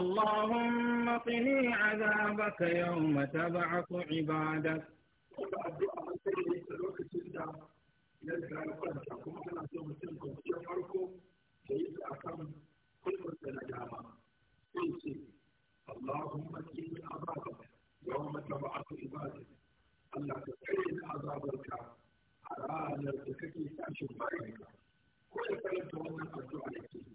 اللهم قني عذابك يوم تبعث عبادك اللهم قني عذابك يوم تبعث عبادك الله تقين عذابك على أن تكفي تأشف بعيدك كل فلت وانا أدعو عليك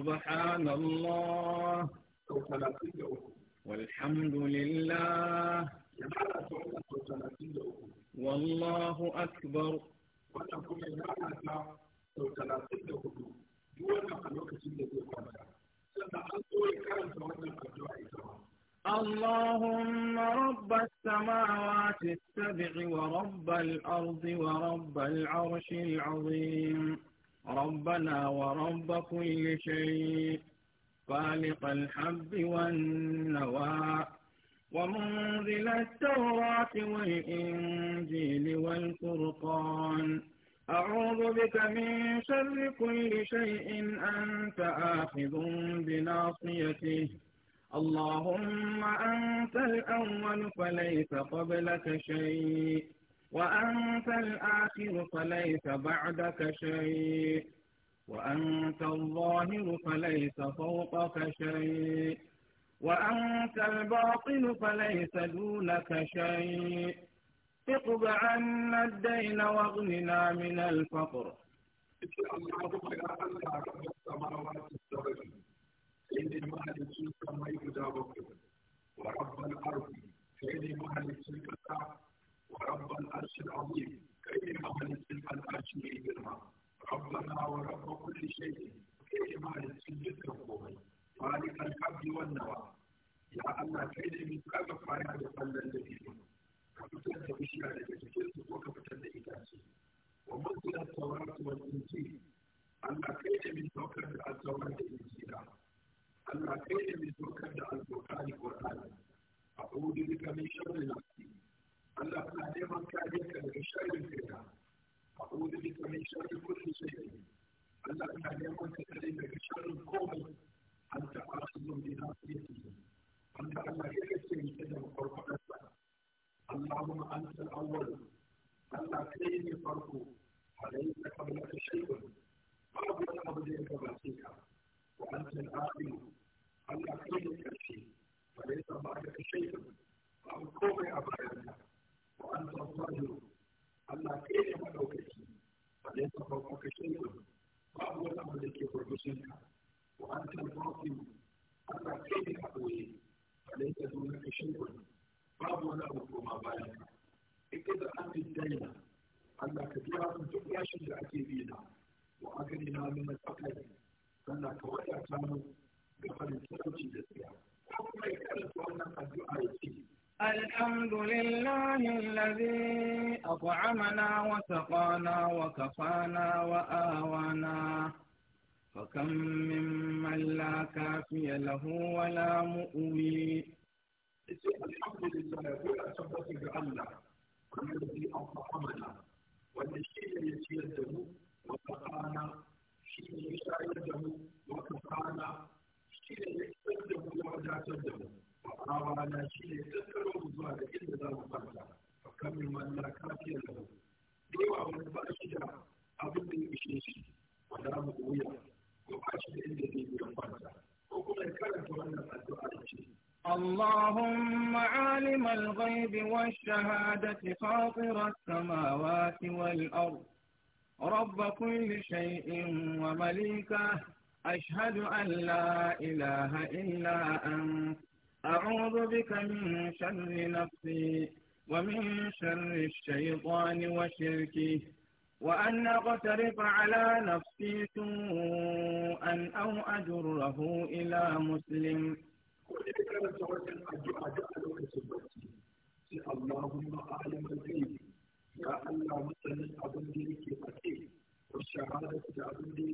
سبحان الله والحمد لله والله أكبر اللهم رب السماوات السبع ورب الأرض ورب العرش العظيم ربنا ورب كل شيء خالق الحب والنوى ومنزل التوراة والإنجيل والفرقان أعوذ بك من شر كل شيء أنت آخذ بناصيته اللهم أنت الأول فليس قبلك شيء وأنت الآخر فليس بعدك شيء وأنت الظاهر فليس فوقك شيء وأنت الباطن فليس دونك شيء اقض عنا الدين واغننا من الفقر اللهم الله السماوات الشيخ ورب الأرض الشيخ ورب العرش العظيم كريم ملك العرش الكريم ربنا ورب كل شيء كريم ملك الكريم مالك الحب والنوى يا الله كريم من كذا فايا بقل الذين كفتن تبشير لتجلس وكفتن إتاسي ومنزل التوراة والإنجيل Allah kai ne mai saukar da alzawar da injira Allah kai ne mai saukar da alzokari Qur'ani a hudu duka mai shirin Allah muna neman kariyarka daga sharrin kaina a ƙudu bisa mai sharrin kullum sai Allah muna neman ka tsare daga sharrin komai an ta arzun bi na sirri wanda Allah ya kace ni ta daga farfadarsa Allahumma anta al-awwal Allah kai ne farko alayka qablaka shay'un babu wani abu da ya gabace ka wa anta al-akhir Allah kai ne karshe alayka ba'daka shay'un bashin da ake bi na wa aka ne na nuna tsakai sannan ka ta ga farin da tsaya ko ya karanta wannan addu'a ya ce الحمد لله الذي أطعمنا وسقانا وكفانا وآوانا فكم ممن لا كافي له ولا مؤوي الحمد لله wanda shi ne ya ciyar da mu wa kana shi ne ya shayar da mu wa kana shi ne ya ciyar da mu ya wadatar da mu wa awana shi ne tattaro mu zuwa da inda za mu kwanta fa kamin mallaka kafiyar da mu yawa wani ba shi da abin da ya ishe shi wanda mu wuya ko ba shi da inda zai biyan kwanta ko kuma ya karanta wannan addu'a da shi? اللهم عالم الغيب والشهادة خاطر السماوات والأرض رب كل شيء ومليكه أشهد أن لا إله إلا أنت أعوذ بك من شر نفسي ومن شر الشيطان وشركه وأن أقترف على نفسي سوءا أو أجره إلى مسلم addu'a da lokacin sai Allahumma a'lam al-ghaib ya Allah masanin abin da yake fate wa shahadatu da abin da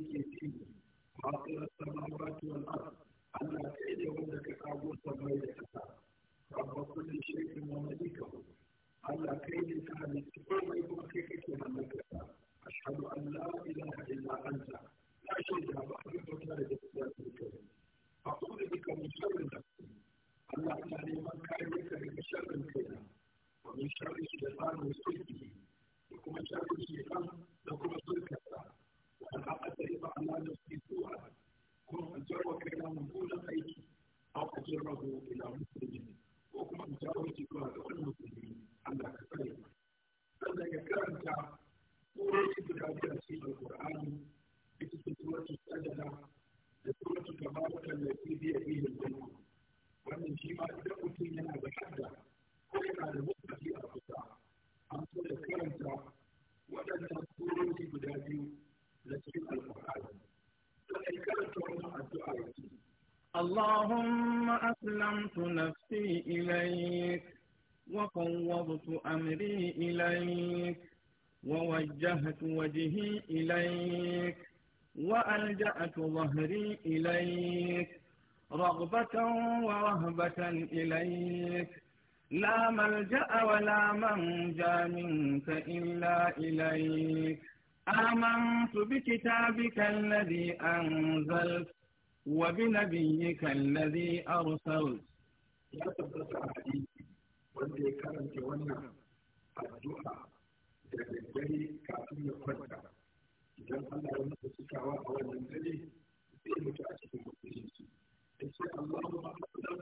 biyu na cikin اللهم أسلمت نفسي إليك وفوضت أمري إليك ووجهت وجهي إليك وألجأت ظهري إليك رغبة ورهبة إليك لا ملجأ ولا منجى منك إلا إليك آمنت بكتابك الذي أنزلت وبنبيك الذي أرسلت ya tabbata a wanda ya karanta wannan addu'a da kafin ya kwanta idan Allah ya masa cikawa a wannan dare zai mutu a cikin Ya ce Allah Allahumma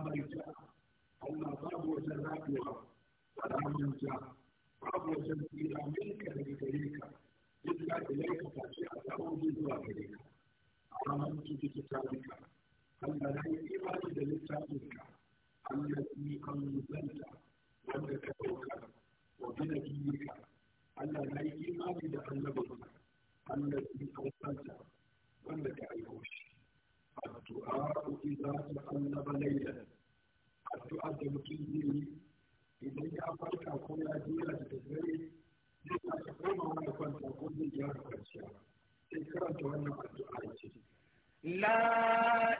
amurta Allah babu wajen raguwa a babu wajen tsira da ka yi ka fashe a tsawon gare ka a ramun cikin tarika Allah na yi imani da littafin ka Allah ki yi wanda ka ɗauka Allah na yi imani da annabin ka yi kan wanda ka الدعاء إذا تقلب ليلا الدعاء إذا أقول أدية لما تقوم لي يا رب الدعاء لا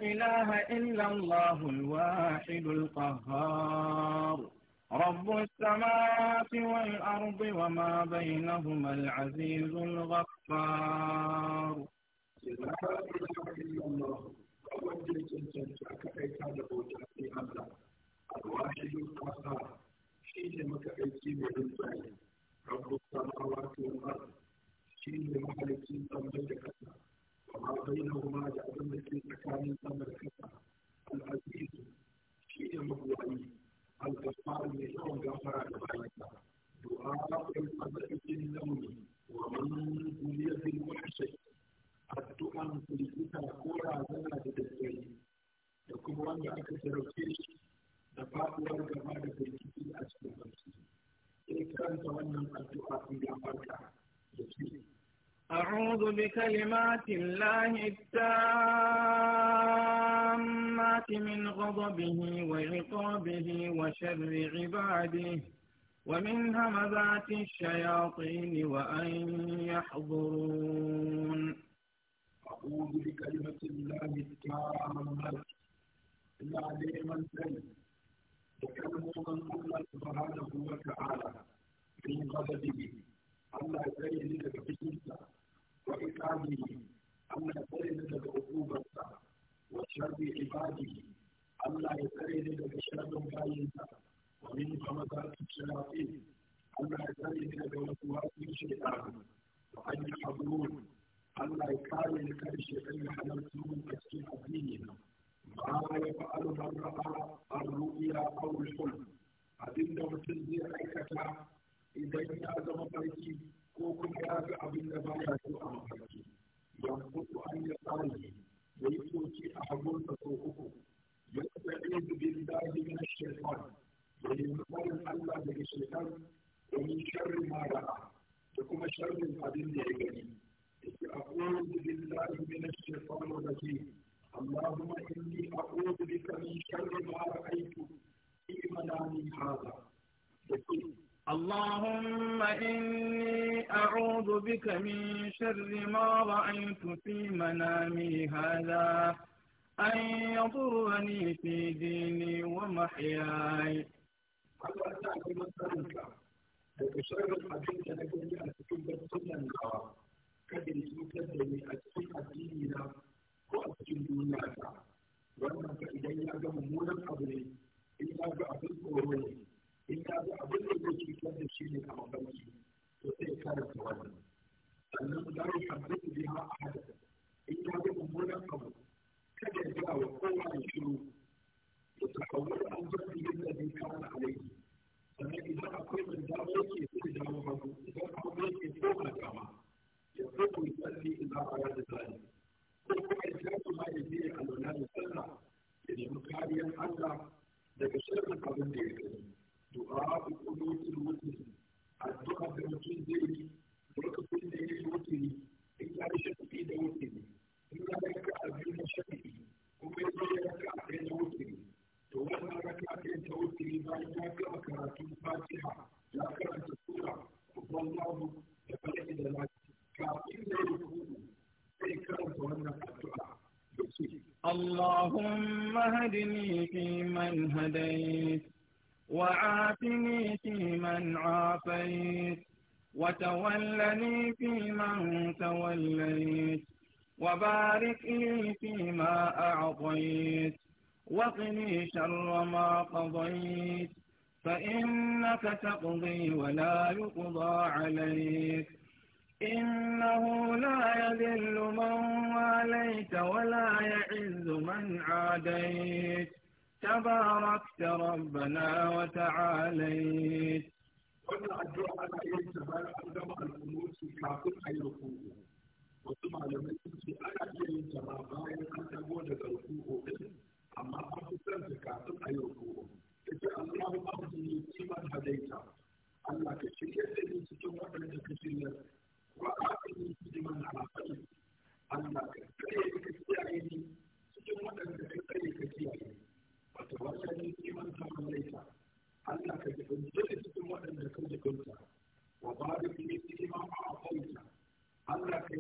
إله إلا الله الواحد القهار رب السماوات والأرض وما بينهما العزيز الغفار لا إله إلا الله wanda ya cancanta aka aika da bauta sai Allah alwahidu qahar shi ne maka aiki mai rinjaye rabbus samawati wal ard shi ne mahalicin sammai da kasa amma bainahuma da abin da ke tsakanin sama da kasa al-aziz shi ne mabuwayi al-ghaffar ne yawan gafara da bayansa du'a al-qadrin launi wa man kuliya bil wahshi addu'an kulita ko أعوذ بكلمات الله التامات من غضبه وعقابه وشر عباده ومن همذات الشياطين وأن يحضرون أعوذ بكلمة الله التامات ina neman sani da kalmomin Allah subhanahu wa ta'ala min ghadabihi Allah ya tsare ni daga fushinsa wa iqabihi Allah ya tsare ni daga hukumarsa wa sharri ibadihi Allah ya tsare ni daga sharrin bayinsa wa min hamazati shayatin Allah ya tsare ni daga wasu wasu shaytan wa an yahdurun Allah ya kare ni kar shaytan ya halarta mun a cikin addinin nan ما يفعل من رأى الرؤيا أو الحلم abin da mutum zai aikata idan ya zama farki ko kuma ya ga abin da ba ya so a mafarki ya kudu an ya tsari ya yi soki a hagun da so uku ya kusa iya zubin daji na shekar ya yi tsarin allah daga shekar domin sharrin mara da kuma sharrin abin da ya gani ya ce a kowane zubin daji na shekar da ke اللهم إني أعوذ بك من شر ما رأيت في منامي هذا اللهم إني أعوذ بك من شر ما رأيت في منامي هذا أن يضرني في ديني ومحياي أن ko a cikin duniya ta wannan ka idan ya ga mummunan abu ne in ya ga abin tsoro ne in ya ga abin da zai cutar da shi ne a mafarki to sai karanta wannan sannan za mu haddasa biya a hadasa in ya ga mummunan abu kada ya ga wa kowa ya shiru يتحول عن جهل الذي كان عليه sannan idan akwai mai dawo yake sai dawo hagu idan akwai yake koma dama ya kuma yi tsalli idan a yadda zai ko kuma ya shafa da sallah ya nemi kariyar Allah daga shirin abinda ya gani du'a ku kunutul da mutum zai yi lokacin da ya da kuma ya اهدني في من هديت وعافني في من عافيت وتولني في من توليت وبارك لي فيما أعطيت وقني شر ما قضيت فإنك تقضي ولا يقضى عليك إنه لا يذل من واليت ولا يعز من عاديت تباركت ربنا وتعاليت wannan addu'a ana yin ta bayan an gama al'umusi kafin a yi wasu malamai iya yin bayan an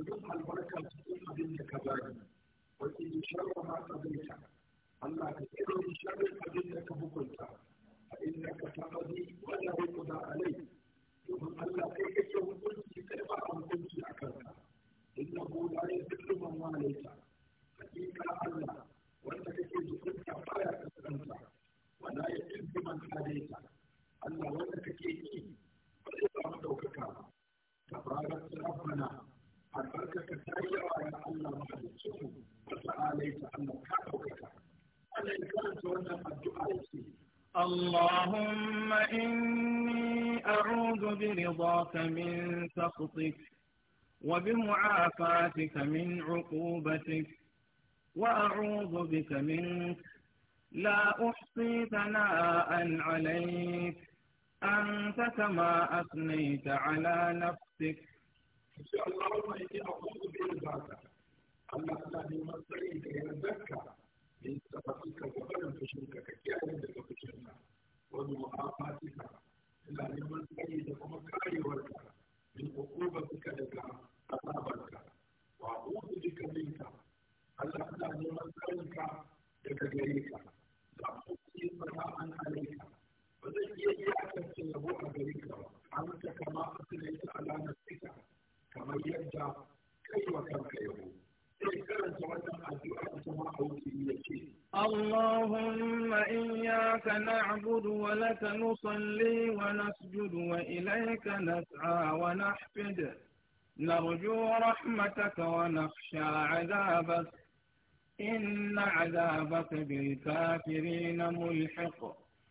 yin albarka cikin abin da ka bani wa in sharra ma qadaita Allah ka tsare ni sharrin abin da ka hukunta fa innaka taqdi wa la yuqda alayk domin Allah kai kake hukunci kai ba hukunci a kanka innahu la yudillu man walaita hakika Allah wanda kake hukunta baya kaskanta wa la yudillu man hadaita Allah wanda kake ki ba zai samu ɗaukaka ba tabarak rabbana اللهم إني أعوذ برضاك من سخطك وبمعافاتك من عقوبتك وأعوذ بك منك لا أحصي ثناء عليك أنت كما أثنيت على نفسك يقول اللهم إني أعوذ بعبادك الله لا يمسعي يرزقك من سبقك وبلغ شركك كائن بفكرنا ومعافاتك لا يمسعي لكم كايورك من عقوبتك لك عذابك وأعوذ بك منك الله لا يمسعيك لك غيرك لا أحصي ثناء عليك وزكي إياك في نعبد ولك نصلي ونسجد وإليك نسعى ونحفد نرجو رحمتك ونخشى عذابك إن عذابك بالكافرين ملحق